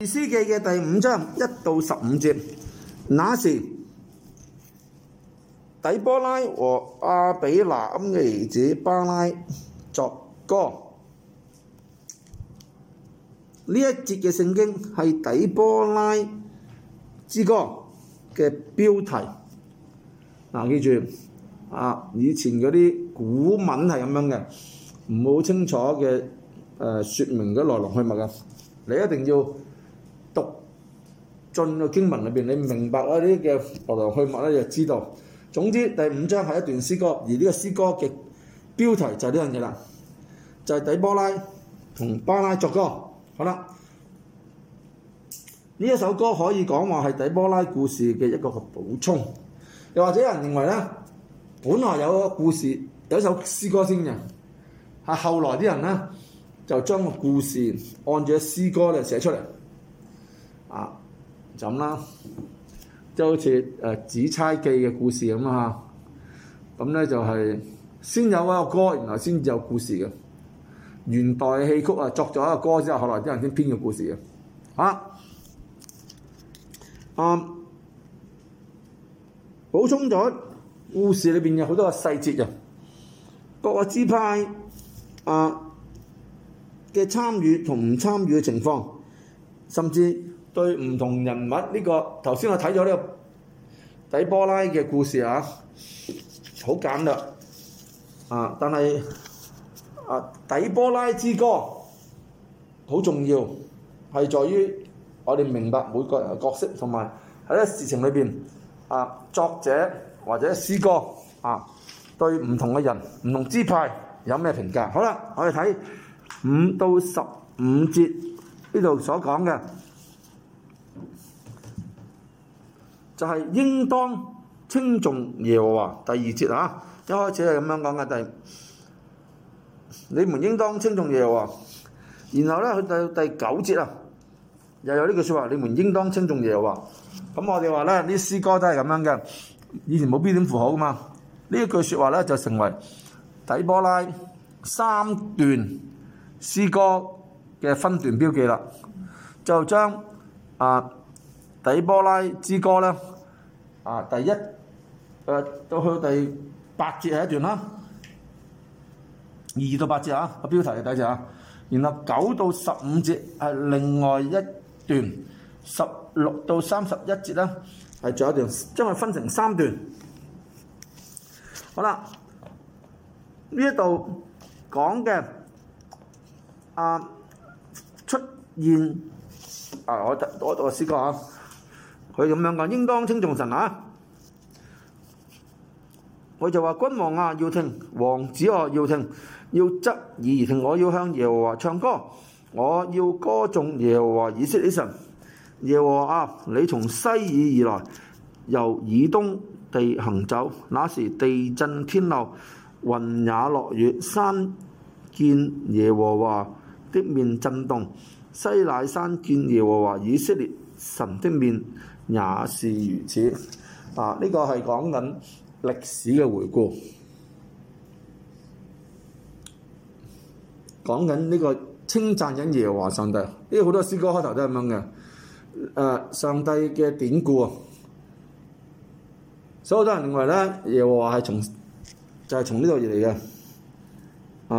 《士師記》嘅第五章一到十五節，那時底波拉和阿比挪庵嘅兒子巴拉作歌。呢一節嘅聖經係底波拉之歌嘅標題。嗱、啊，記住啊，以前嗰啲古文係咁樣嘅，唔好清楚嘅誒、呃，說明嘅來龍去脈啊。你一定要。讀進個經文裏邊，你明白咧啲嘅來龍去脈咧，就知道。總之第五章係一段詩歌，而呢個詩歌嘅標題就係呢樣嘢啦，就係底波拉同巴拉作歌。好啦，呢一首歌可以講話係底波拉故事嘅一個個補充，又或者人認為咧，本來有個故事有一首詩歌先嘅，係後來啲人咧就將個故事按住嘅詩歌咧寫出嚟。就就啊，咁啦，即係好似誒《紫釵記》嘅故事咁啊，咁、嗯、咧就係、是、先有一個歌，然後先至有故事嘅。元代戲曲啊，作咗一個歌之後，後來啲人先編個故事嘅。啊，啊，補充咗故事裏邊有好多個細節嘅各個支派啊嘅參與同唔參與嘅情況，甚至。對唔同人物呢個，頭先我睇咗呢個底波拉嘅故事啊，好簡略啊，但係啊，底波拉之歌好重要，係在於我哋明白每個人嘅角色，同埋喺啲事情裏邊啊，作者或者詩歌啊，對唔同嘅人、唔同支派有咩評價？好啦，我哋睇五到十五節呢度所講嘅。就係應當稱重耶和華，第二節啊，一開始係咁樣講嘅。第你們應當稱重耶和華，然後咧去到第九節啊，又有呢句説話：你們應當稱重耶和華。咁、嗯、我哋話咧，啲詩歌都係咁樣嘅。以前冇標點符號噶嘛，呢一句説話咧就成為底波拉三段詩歌嘅分段標記啦，就將啊。底波拉之歌咧，啊，第一，誒，到去第八節係一段啦，二到八節啊，個標題係第一節啊，然後九到十五節係另外一段，十六到三十一節咧係仲有一段，將佢分成三段。好啦，呢一度講嘅啊出現，啊，我我讀個詩歌啊。佢咁樣講，應當稱頌神啊！佢就話君王啊，要聽王子啊，要聽要側耳而聽。我要向耶和華唱歌，我要歌頌耶和華以色列神。耶和華啊，你從西珥而來，由以東地行走。那時地震天漏，雲也落雨，山見耶和華的面震動，西乃山見耶和華以色列神的面。也是如此，啊！呢、這個係講緊歷史嘅回顧，講緊呢個稱讚緊耶和華上帝，呢個好多詩歌開頭都係咁樣嘅。誒、啊，上帝嘅典故啊，所有多人認為咧，耶和華係從就係從呢度而嚟嘅。啊，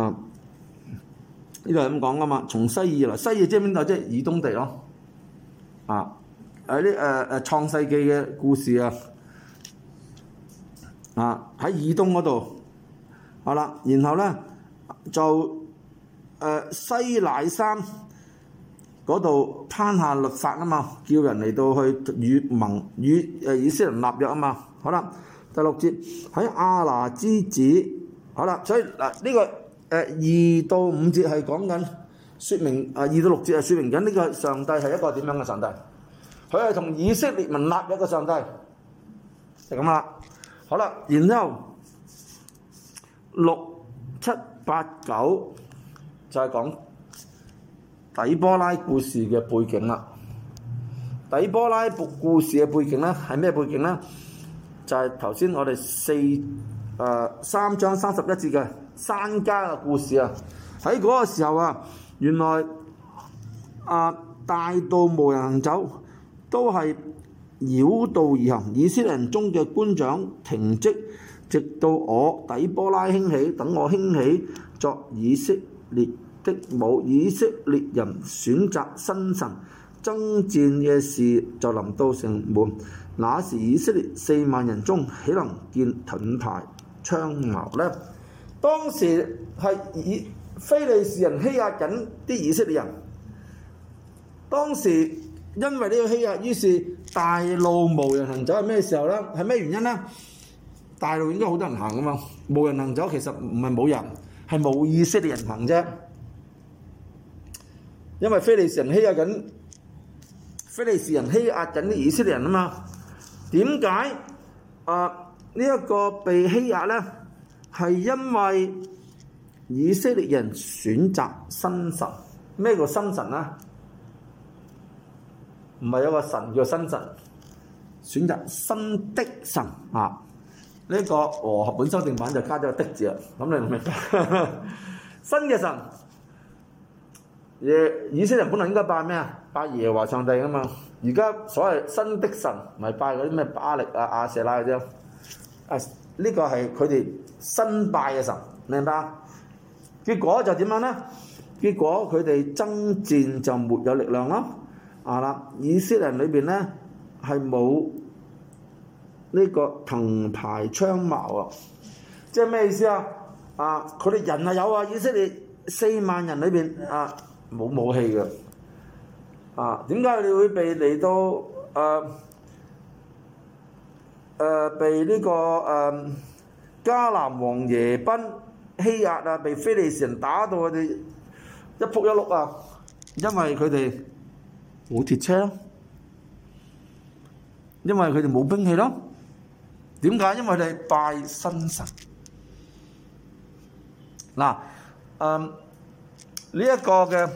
呢度係咁講噶嘛？從西珥來，西珥即係邊度？即、就、係、是、以東地咯。啊！喺啲誒誒創世記嘅故事啊，啊喺以東嗰度，好啦，然後咧就誒、啊、西乃山嗰度攀下律法啊嘛，叫人嚟到去與盟與誒、啊啊、以色列立約啊嘛，好啦，第六節喺亞拿之子，好啦，所以嗱呢、啊呢個誒、啊、二到五節係講緊説明啊，二到六節係説明緊呢個上帝係一個點樣嘅上帝。佢係同以色列民立一個上帝，就咁啦。好啦，然之後六七八九就係講底波拉故事嘅背景啦。底波拉故事嘅背景咧，係咩背景咧？就係頭先我哋四誒三章三十一節嘅珊迦嘅故事啊。喺嗰個時候啊，原來啊、呃、大道無人行走。都係繞道而行。以色列人中嘅官長停職，直到我底波拉興起。等我興起作以色列的母。以色列人選擇新神，爭戰嘅事就臨到城門。那時以色列四萬人中，豈能見盾牌槍矛呢？當時係以非利士人欺壓緊啲以色列人。當時因為呢個欺壓，於是大路無人行走。係咩時候咧？係咩原因咧？大路應該好多人行噶嘛，無人行走其實唔係冇人，係冇以色列人行啫。因為非利士人欺壓緊，非利士人欺壓緊啲以色列人啊嘛。點解啊？呢、呃、一、這個被欺壓咧，係因為以色列人選擇新神。咩叫新神啊？唔係有個神叫新神，選擇新的神啊！呢、這個和合、哦、本修訂版就加咗個的字啦。咁你明唔明？白？ 新嘅神，耶！以色列本來應該拜咩啊？拜耶華上帝啊嘛。而家所謂新的神，咪拜嗰啲咩巴力啊、亞、啊、舍拉嗰啲咯。啊，呢、這個係佢哋新拜嘅神，明唔明啊？結果就點樣咧？結果佢哋爭戰就沒有力量啦。啊啦！以色列人裏邊咧係冇呢個藤牌槍矛啊，即係咩意思啊？啊，佢哋人啊有啊，以色列四萬人裏邊啊冇武器嘅啊？點解佢哋會被嚟到誒誒被呢個誒迦南王耶賓欺壓啊？被非利士人打到佢哋一仆一碌啊？因為佢哋冇鐵車，因為佢哋冇兵器咯。點解？因為佢哋拜新神。嗱，誒呢一個嘅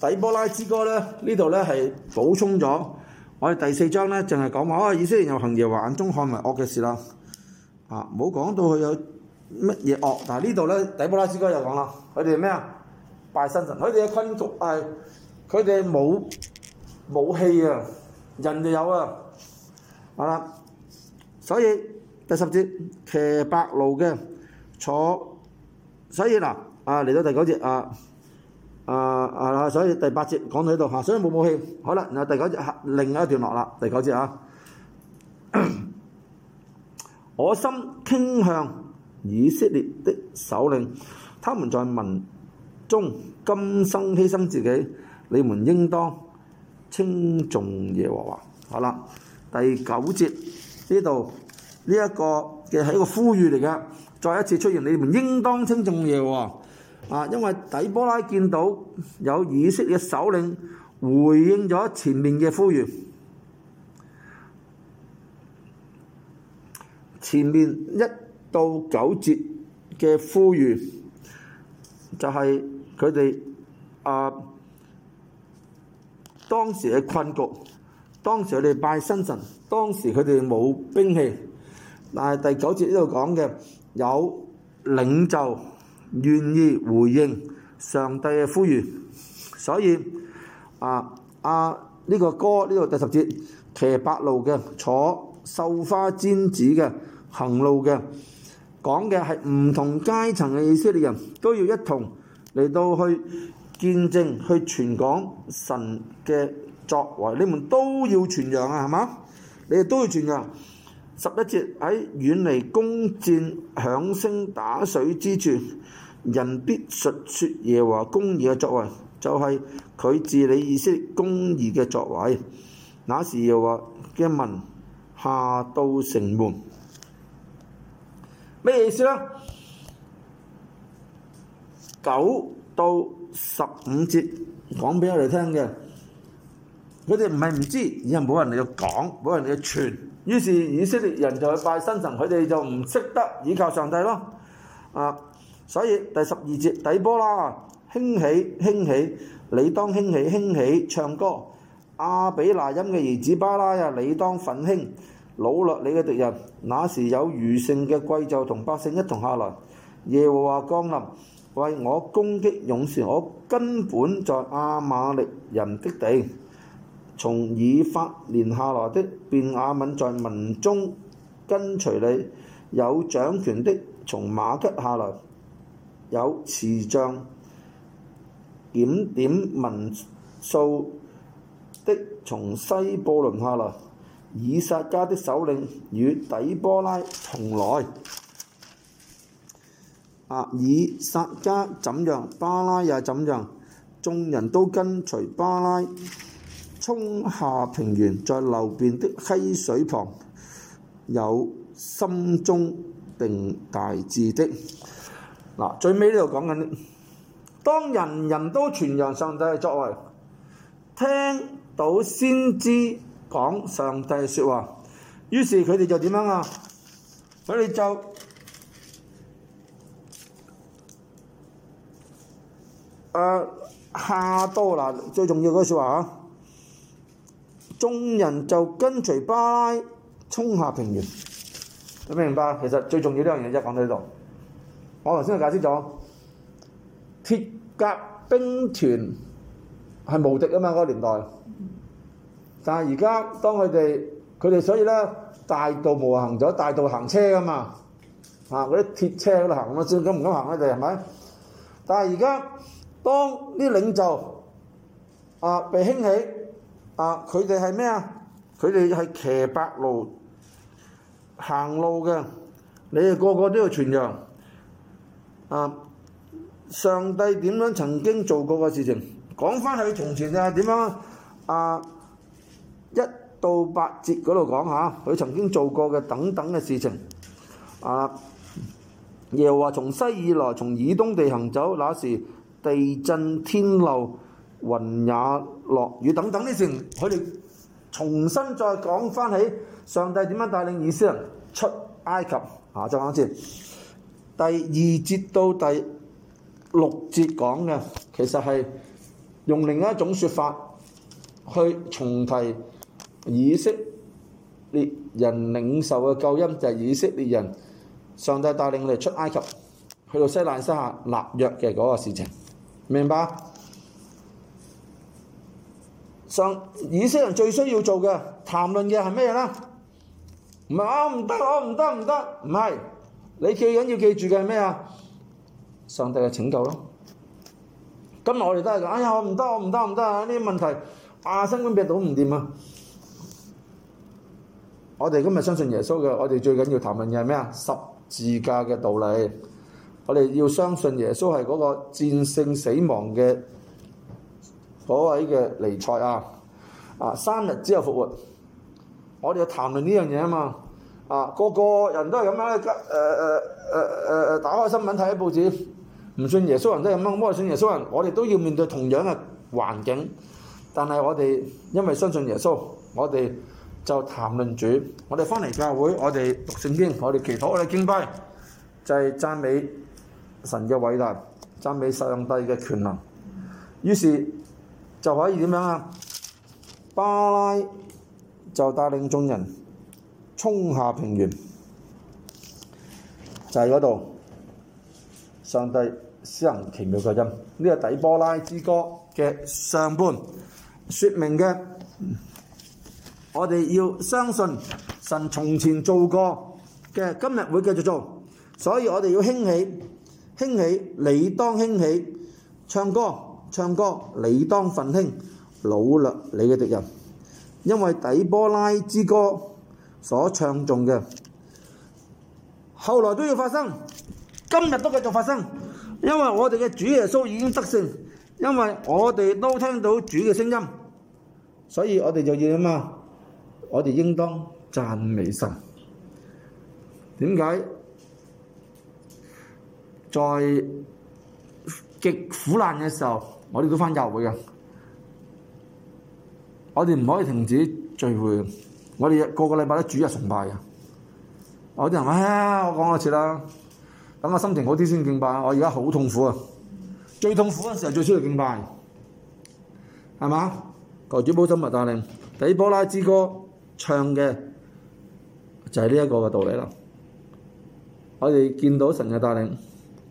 底波拉之歌咧，呢度咧係補充咗我哋第四章咧，淨係講話啊，以色列人行耶和華眼中看為惡嘅事啦。啊，冇講到佢有乜嘢惡。但係，呢度咧底波拉之歌又講啦，佢哋咩啊？拜新神。佢哋嘅昆族係佢哋冇。武器啊，人就有啊，好啦，所以第十節騎白驢嘅坐，所以嗱啊嚟到第九節啊啊啊，所以第八節講到呢度嚇，所以冇武器，好啦，嗱第九節另一段落啦，第九節啊，我心傾向以色列的首領，他們在民中甘心犧牲自己，你們應當。稱頌耶和華，好啦，第九節呢度呢一個嘅係一個呼籲嚟嘅，再一次出現你們應當稱頌耶和華啊，因為底波拉見到有以色列首領回應咗前面嘅呼籲，前面一到九節嘅呼籲就係佢哋啊。當時嘅困局，當時佢哋拜新神，當時佢哋冇兵器，但係第九節呢度講嘅有領袖願意回應上帝嘅呼籲，所以啊啊呢、呢個歌呢度第十節騎白驢嘅，坐繡花毯子嘅，行路嘅，講嘅係唔同階層嘅以色列人都要一同嚟到去。見證去傳講神嘅作為，你們都要傳揚啊，係嘛？你哋都要傳㗎。十一節喺遠離弓箭響聲打水之處，人必述説耶和華公義嘅作為，就係佢治理意識公義嘅作為。那時又話嘅民下到城門，咩意思咧？九到。十五節講俾我哋聽嘅，佢哋唔係唔知，而係冇人嚟去講，冇人嚟去傳，於是以色列人就去拜新神，神，佢哋就唔識得倚靠上帝咯。啊，所以第十二節底波拉，興起，興起，你當興起，興起，唱歌，阿比那音嘅兒子巴拉呀，你當奮興，擄掠你嘅敵人，那時有餘剩嘅貴胄同百姓一同下來，耶和華降臨。為我攻擊勇士，我根本在亞瑪力人的地，從以法連下來的便雅憫在民中跟隨你，有掌權的從馬吉下來，有持杖檢點民數的從西布倫下來，以撒加的首領與底波拉同來。以薩迦怎樣，巴拉也怎樣，眾人都跟隨巴拉，衝下平原，在流便的溪水旁，有心中定大志的。嗱，最尾呢度講緊，當人人都傳揚上帝嘅作為，聽到先知講上帝説話，於是佢哋就點樣啊？佢哋就。誒、下、啊、多啦，最重要嗰句說話啊！眾人就跟隨巴拉衝下平原，你明白？其實最重要呢樣嘢即係講到呢度。我頭先就解釋咗鐵甲兵團係無敵啊嘛，嗰、那個年代。但係而家當佢哋佢哋，所以咧大道無行咗，大道行車啊嘛啊，嗰啲鐵車喺度行啊，敢唔敢行咧？你係咪？但係而家。當啲領袖啊被興起，啊佢哋係咩啊？佢哋係騎白驢行路嘅，你哋個個都要傳揚。啊，上帝點樣曾經做過嘅事情，講翻去從前啊點樣？啊，一到八節嗰度講下佢曾經做過嘅等等嘅事情。啊，耶和華從西以來從以東地行走，那時。地震天漏雲，也落雨等等呢啲事，佢哋重新再講翻起上帝點樣帶領以色列人出埃及嚇。啱先第二節到第六節講嘅，其實係用另一種説法去重提以色列人領受嘅救恩，就係、是、以色列人上帝帶領我哋出埃及去到西奈山立約嘅嗰個事情。明白。上以色列人最需要做嘅談論嘅係咩呢？唔係我唔得，我唔得，唔得，唔係。你最緊要的記住嘅係咩啊？上帝嘅拯救咯。今日我哋都係講，哎呀，我唔得，我唔得，唔得啊！呢啲問題啊，新冠病毒唔掂啊！我哋今日相信耶穌嘅，我哋最緊要的談論嘅係咩啊？十字架嘅道理。我哋要相信耶穌係嗰個戰勝死亡嘅嗰位嘅尼賽啊！啊，三日之後復活。我哋要談論呢樣嘢啊嘛！啊，個個人都係咁樣，誒誒誒誒誒，打開新聞，睇下報紙，唔信耶穌人都係咁樣，我係信耶穌人，我哋都要面對同樣嘅環境，但係我哋因為相信耶穌，我哋就談論主。我哋翻嚟教會，我哋讀聖經，我哋祈禱，我哋敬拜，就係讚美。神嘅偉大，讚美上帝嘅權能，於是就可以點樣啊？巴拉就帶領眾人衝下平原，就喺嗰度。上帝施行奇妙嘅音，呢個底波拉之歌嘅上半，說明嘅我哋要相信神從前做過嘅，今日會繼續做，所以我哋要興起。興起，你當興起，唱歌，唱歌，你當奮興，擄掠你嘅敵人，因為底波拉之歌所唱頌嘅，後來都要發生，今日都繼續發生，因為我哋嘅主耶穌已經得勝，因為我哋都聽到主嘅聲音，所以我哋就要啊嘛，我哋應當讚美神，點解？在極苦難嘅時候，我哋都返教會嘅。我哋唔可以停止聚會，我哋個個禮拜都主日崇拜啊！我啲人話我講多次啦，等我心情好啲先敬拜。我而家好痛苦啊，最痛苦嗰陣時候，最需要敬拜，係嘛？求主保守默帶領，底波拉之歌唱嘅就係呢一個嘅道理啦。我哋見到神嘅帶領。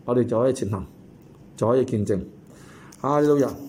我哋就可以前行，就可以見證。下一樣。